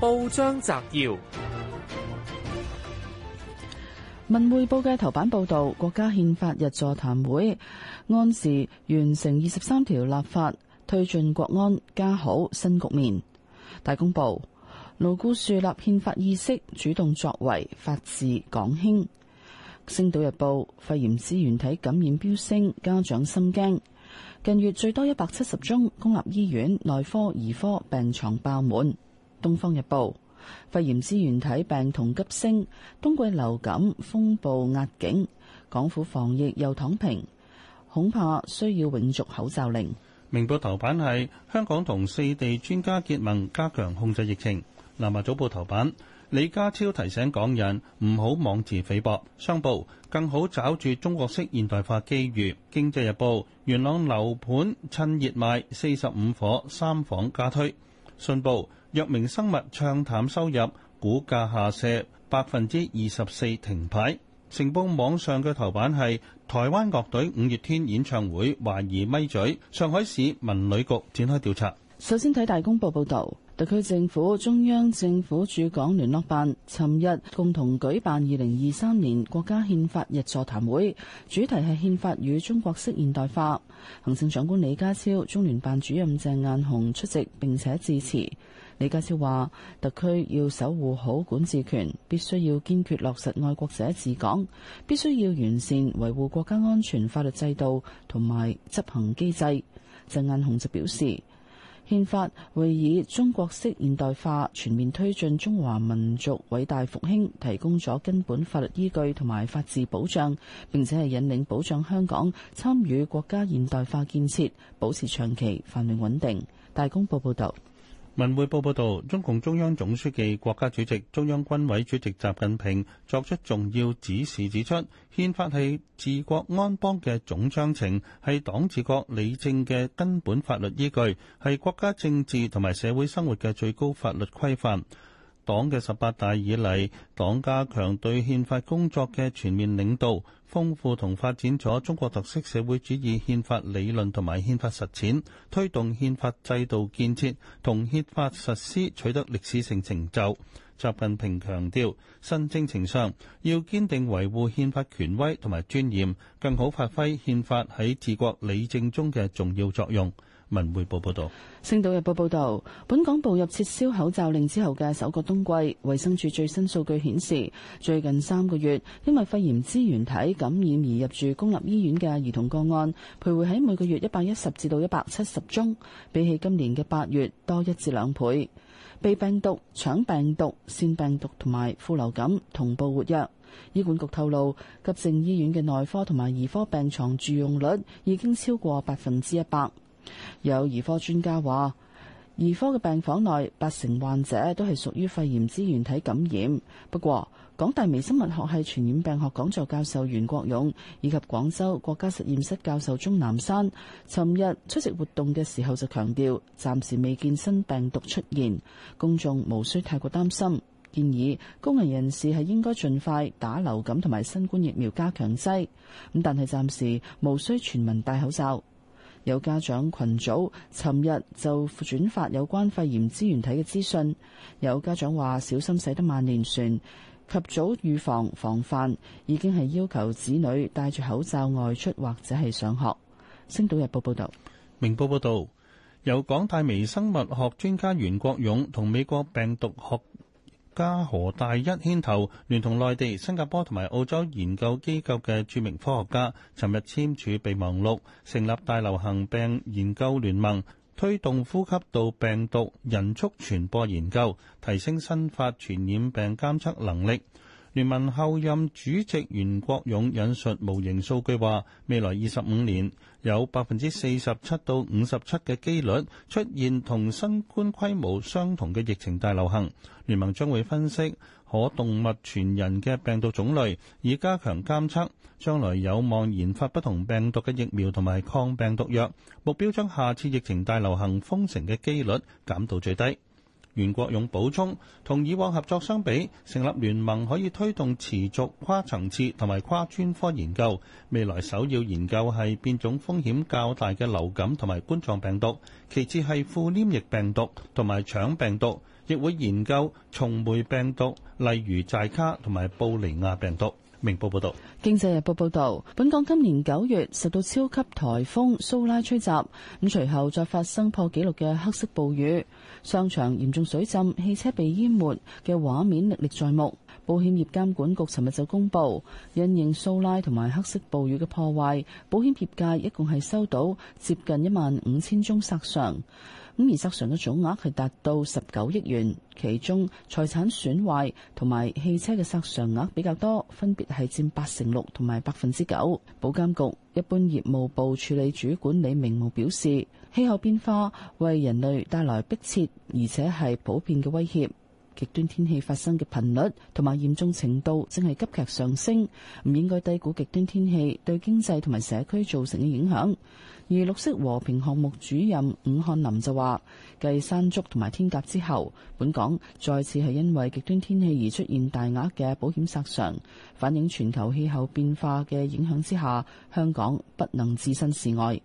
報章摘要：《文匯報》嘅頭版報道，國家憲法日座談會，按時完成二十三條立法，推進國安家好新局面。大公報，牢固樹立憲法意識，主動作為，法治港興。《星島日報》，肺炎支原體感染飆升，家長心驚，近月最多一百七十宗，公立醫院內科、兒科病床爆滿。《東方日報》肺炎支原體病同急升，冬季流感風暴壓境，港府防疫又躺平，恐怕需要永續口罩令。《明報》頭版係香港同四地專家結盟，加強控制疫情。《南華早報》頭版李家超提醒港人唔好妄自菲薄。商報，更好抓住中國式現代化機遇。《經濟日報》元朗樓盤趁熱賣，四十五伙三房加推。信報。藥明生物唱淡收入，股價下瀉百分之二十四，停牌。成報網上嘅頭版係台灣樂隊五月天演唱會，懷疑咪嘴，上海市文旅局展開調查。首先睇大公報報道。特區政府、中央政府駐港聯絡辦尋日共同舉辦二零二三年國家憲法日座談會，主題係憲法與中國式現代化。行政長官李家超、中聯辦主任鄭雁雄出席並且致辭，李家超話特區要守護好管治權必須要堅決落實愛國者治港，必須要完善維護國家安全法律制度同埋執行機制。鄭雁雄就表示。憲法會以中國式現代化，全面推進中華民族偉大復興，提供咗根本法律依據同埋法治保障，並且係引領保障香港參與國家現代化建設，保持長期繁榮穩定。大公報報道。文匯報報道，中共中央總書記、國家主席、中央軍委主席習近平作出重要指示指出，憲法係治國安邦嘅總章程，係黨治國理政嘅根本法律依據，係國家政治同埋社會生活嘅最高法律規範。黨嘅十八大以嚟，黨加強對憲法工作嘅全面領導，豐富同發展咗中國特色社會主義憲法理論同埋憲法實踐，推動憲法制度建設同憲法實施取得歷史性成就。習近平強調，新征程上要堅定維護憲法權威同埋尊嚴，更好發揮憲法喺治國理政中嘅重要作用。文匯報報道，《星島日報》報道，本港步入撤銷口罩令之後嘅首個冬季，衛生署最新數據顯示，最近三個月因為肺炎支原體感染而入住公立醫院嘅兒童個案，徘徊喺每個月一百一十至到一百七十宗，比起今年嘅八月多一至兩倍。被病毒、腸病毒、腺病毒同埋副流感同步活躍，醫管局透露，急症醫院嘅內科同埋兒科病床住用率已經超過百分之一百。有兒科專家話，兒科嘅病房內八成患者都係屬於肺炎支原體感染。不過，港大微生物學系傳染病學講座教授袁國勇以及廣州國家實驗室教授鍾南山，尋日出席活動嘅時候就強調，暫時未見新病毒出現，公眾無需太過擔心。建議高危人士係應該盡快打流感同埋新冠疫苗加強劑。咁但係暫時無需全民戴口罩。有家長群組尋日就轉發有關肺炎支原體嘅資訊，有家長話：小心使得萬年船，及早預防防範已經係要求子女戴住口罩外出或者係上學。星島日報報道：「明報報道，由港大微生物學專家袁國勇同美國病毒學加荷大一牽頭，聯同內地、新加坡同埋澳洲研究機構嘅著名科學家，尋日簽署備忘錄，成立大流行病研究聯盟，推動呼吸道病毒人畜傳播研究，提升新發傳染病監測能力。聯盟後任主席袁國勇引述模型數據話：未來二十五年，有百分之四十七到五十七嘅機率出現同新冠規模相同嘅疫情大流行。聯盟將會分析可動物傳人嘅病毒種類，以加強監測。將來有望研發不同病毒嘅疫苗同埋抗病毒藥，目標將下次疫情大流行封城嘅機率減到最低。袁國勇補充，同以往合作相比，成立聯盟可以推動持續跨層次同埋跨專科研究。未來首要研究係變種風險較大嘅流感同埋冠狀病毒，其次係副黏液病毒同埋腸病毒，亦會研究蟲媒病毒，例如寨卡同埋布尼亞病毒。明報報道，經濟日報報道，本港今年九月受到超級颱風蘇拉吹襲，咁隨後再發生破紀錄嘅黑色暴雨，商場嚴重水浸，汽車被淹沒嘅畫面歷歷在目。保險業監管局尋日就公布，因應蘇拉同埋黑色暴雨嘅破壞，保險業界一共係收到接近一萬五千宗索償。咁而賠償嘅總額係達到十九億元，其中財產損壞同埋汽車嘅賠償額比較多，分別係佔八成六同埋百分之九。保監局一般業務部處理主管李明武表示，氣候變化為人類帶來迫切，而且係普遍嘅威脅。極端天氣發生嘅頻率同埋嚴重程度正係急劇上升，唔應該低估極端天氣對經濟同埋社區造成嘅影響。而綠色和平項目主任伍漢林就話：繼山竹同埋天鴿之後，本港再次係因為極端天氣而出現大額嘅保險索償，反映全球氣候變化嘅影響之下，香港不能置身事外。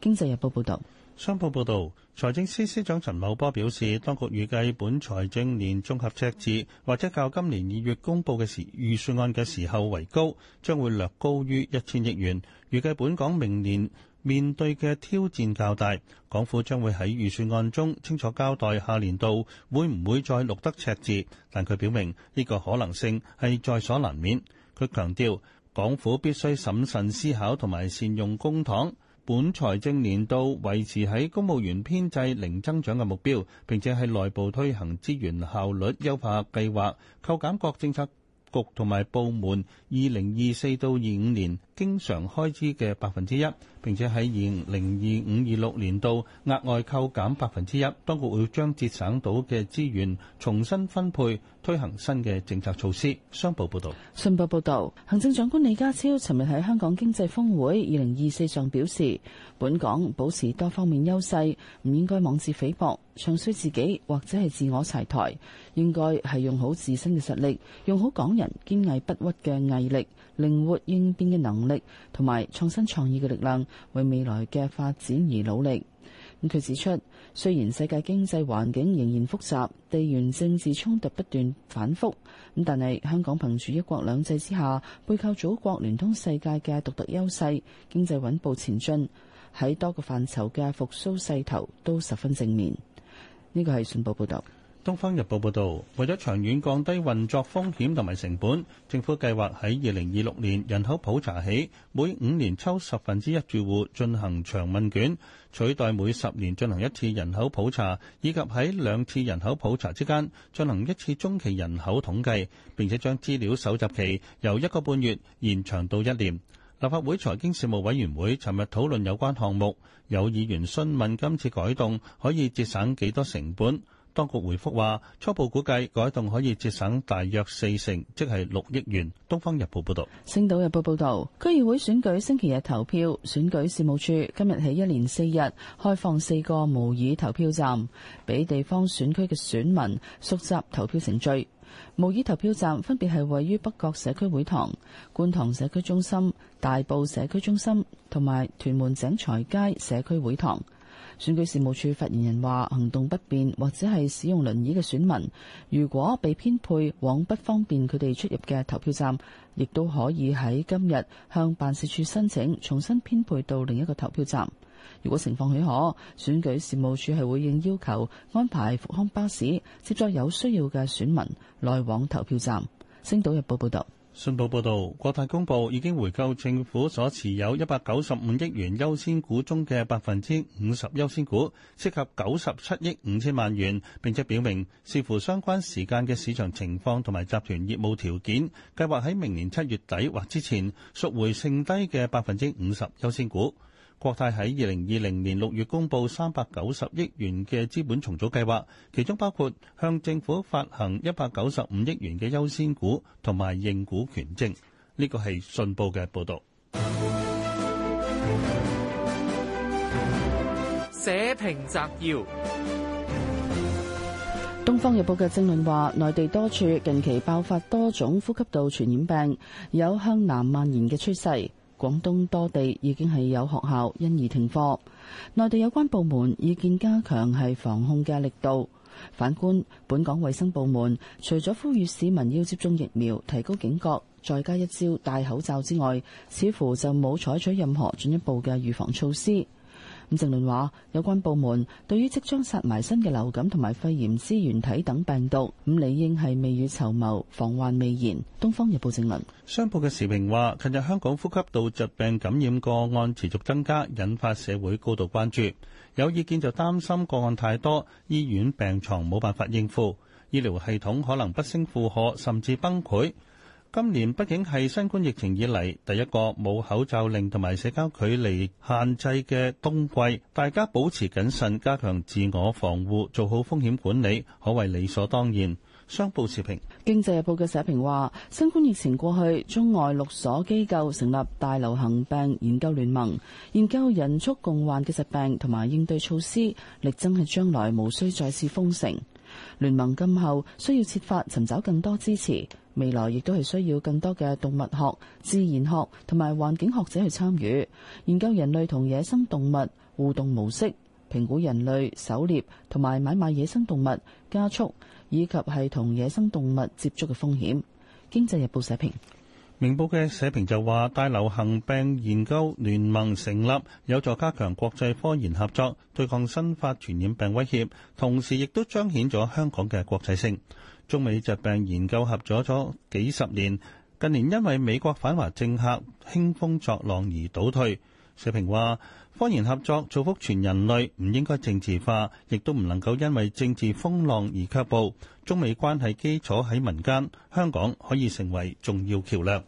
經濟日報報道。商報報導，財政司司長陳茂波表示，當局預計本財政年綜合赤字，或者較今年二月公佈嘅時預算案嘅時候為高，將會略高於一千億元。預計本港明年面對嘅挑戰較大，港府將會喺預算案中清楚交代下年度會唔會再錄得赤字，但佢表明呢個可能性係在所難免。佢強調，港府必須審慎思考同埋善用公帑。本財政年度維持喺公務員編制零增長嘅目標，並且係內部推行資源效率優化計劃，扣減各政策局同埋部門二零二四到二五年。經常開支嘅百分之一，並且喺二零二五、二六年度額外扣減百分之一。當局會將節省到嘅資源重新分配，推行新嘅政策措施。商報報道，信報報道，行政長官李家超尋日喺香港經濟峰會二零二四上表示，本港保持多方面優勢，唔應該妄自菲薄、唱衰自己或者係自我柴台，應該係用好自身嘅實力，用好港人堅毅不屈嘅毅力、靈活應變嘅能力，同埋創新創意嘅力量，為未來嘅發展而努力。咁佢指出，雖然世界經濟環境仍然複雜，地緣政治衝突不斷反覆，咁但係香港憑住一國兩制之下，背靠祖國聯通世界嘅獨特優勢，經濟穩步前進，喺多個範疇嘅復甦勢頭都十分正面。呢個係信報報道。《東方日報》報導，為咗長遠降低運作風險同埋成本，政府計劃喺二零二六年人口普查起，每五年抽十分之一住戶進行長問卷，取代每十年進行一次人口普查，以及喺兩次人口普查之間進行一次中期人口統計，並且將資料搜集期由一個半月延長到一年。立法會財經事務委員會尋日討論有關項目，有議員詢問今次改動可以節省幾多成本。當局回覆話，初步估計改動可以節省大約四成，即係六億元。《東方日報》報道。《星島日報》報道，區議會選舉星期日投票，選舉事務處今日起一連四日開放四個模擬投票站，俾地方選區嘅選民熟習投票程序。模擬投票站分別係位於北角社區會堂、觀塘社區中心、大埔社區中心同埋屯門井財街社區會堂。選舉事務處發言人話：行動不便或者係使用輪椅嘅選民，如果被編配往不方便佢哋出入嘅投票站，亦都可以喺今日向辦事處申請重新編配到另一個投票站。如果情況許可，選舉事務處係會應要求安排復康巴士接載有需要嘅選民來往投票站。星島日報報道。信報報導，國泰公佈已經回購政府所持有一百九十五億元優先股中嘅百分之五十優先股，涉及九十七億五千萬元。並且表明，視乎相關時間嘅市場情況同埋集團業務條件，計劃喺明年七月底或之前贖回剩低嘅百分之五十優先股。國泰喺二零二零年六月公布，三百九十億元嘅資本重組計劃，其中包括向政府發行一百九十五億元嘅優先股同埋認股權證。呢個係信報嘅報道。社評摘要。東方日報嘅正論話，內地多處近期爆發多種呼吸道傳染病，有向南蔓延嘅趨勢。廣東多地已經係有學校因而停課，內地有關部門意見加強係防控嘅力度。反觀本港衛生部門，除咗呼籲市民要接種疫苗、提高警覺，再加一招戴口罩之外，似乎就冇採取任何進一步嘅預防措施。伍正倫話：有關部門對於即將殺埋新嘅流感同埋肺炎支原體等病毒，咁理應係未雨綢繆，防患未然。東方日報正文，商報嘅時評話：近日香港呼吸道疾病感染個案持續增加，引發社會高度關注。有意見就擔心個案太多，醫院病床冇辦法應付，醫療系統可能不勝負荷，甚至崩潰。今年畢竟係新冠疫情以嚟第一個冇口罩令同埋社交距離限制嘅冬季，大家保持謹慎，加強自我防護，做好風險管理，可謂理所當然。商報時評，《經濟日報》嘅社評話：新冠疫情過去，中外六所機構成立大流行病研究聯盟，研究人畜共患嘅疾病同埋應對措施，力爭係將來無需再次封城。聯盟今後需要設法尋找更多支持。未來亦都係需要更多嘅動物學、自然學同埋環境學者去參與，研究人類同野生動物互動模式，評估人類狩獵同埋買賣野生動物加速，以及係同野生動物接觸嘅風險。經濟日報社評。明報嘅社評就話大流行病研究聯盟成立，有助加強國際科研合作，對抗新發傳染病威脅，同時亦都彰顯咗香港嘅國際性。中美疾病研究合作咗幾十年，近年因為美國反華政客興風作浪而倒退。社評話：科研合作造福全人類，唔應該政治化，亦都唔能夠因為政治風浪而卻步。中美關係基礎喺民間，香港可以成為重要橋樑。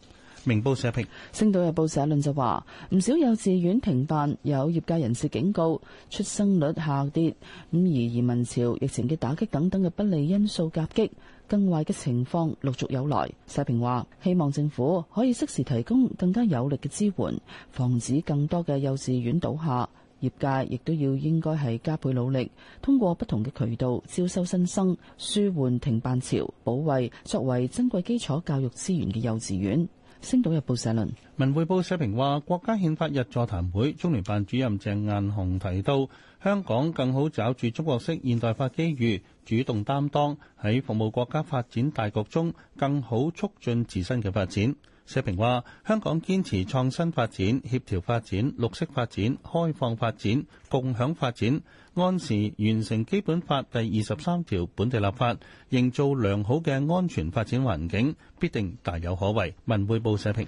明報社評，《星島日報》社論就話：唔少幼稚園停辦，有業界人士警告出生率下跌，咁而移民潮、疫情嘅打擊等等嘅不利因素夾擊。更壞嘅情況陸續有來，社評話，希望政府可以適時提供更加有力嘅支援，防止更多嘅幼稚園倒下。業界亦都要應該係加倍努力，通過不同嘅渠道招收新生，舒緩停辦潮，保衛作為珍貴基礎教育資源嘅幼稚園。《星島日報》社論，《文匯報》社評話，國家憲法日座談會，中聯辦主任鄭雁雄提到，香港更好抓住中國式現代化機遇，主動擔當喺服務國家發展大局中，更好促進自身嘅發展。社評話：香港堅持創新發展、協調發展、綠色發展、開放發展、共享發展，按時完成《基本法》第二十三條本地立法，營造良好嘅安全發展環境，必定大有可為。文匯報社評。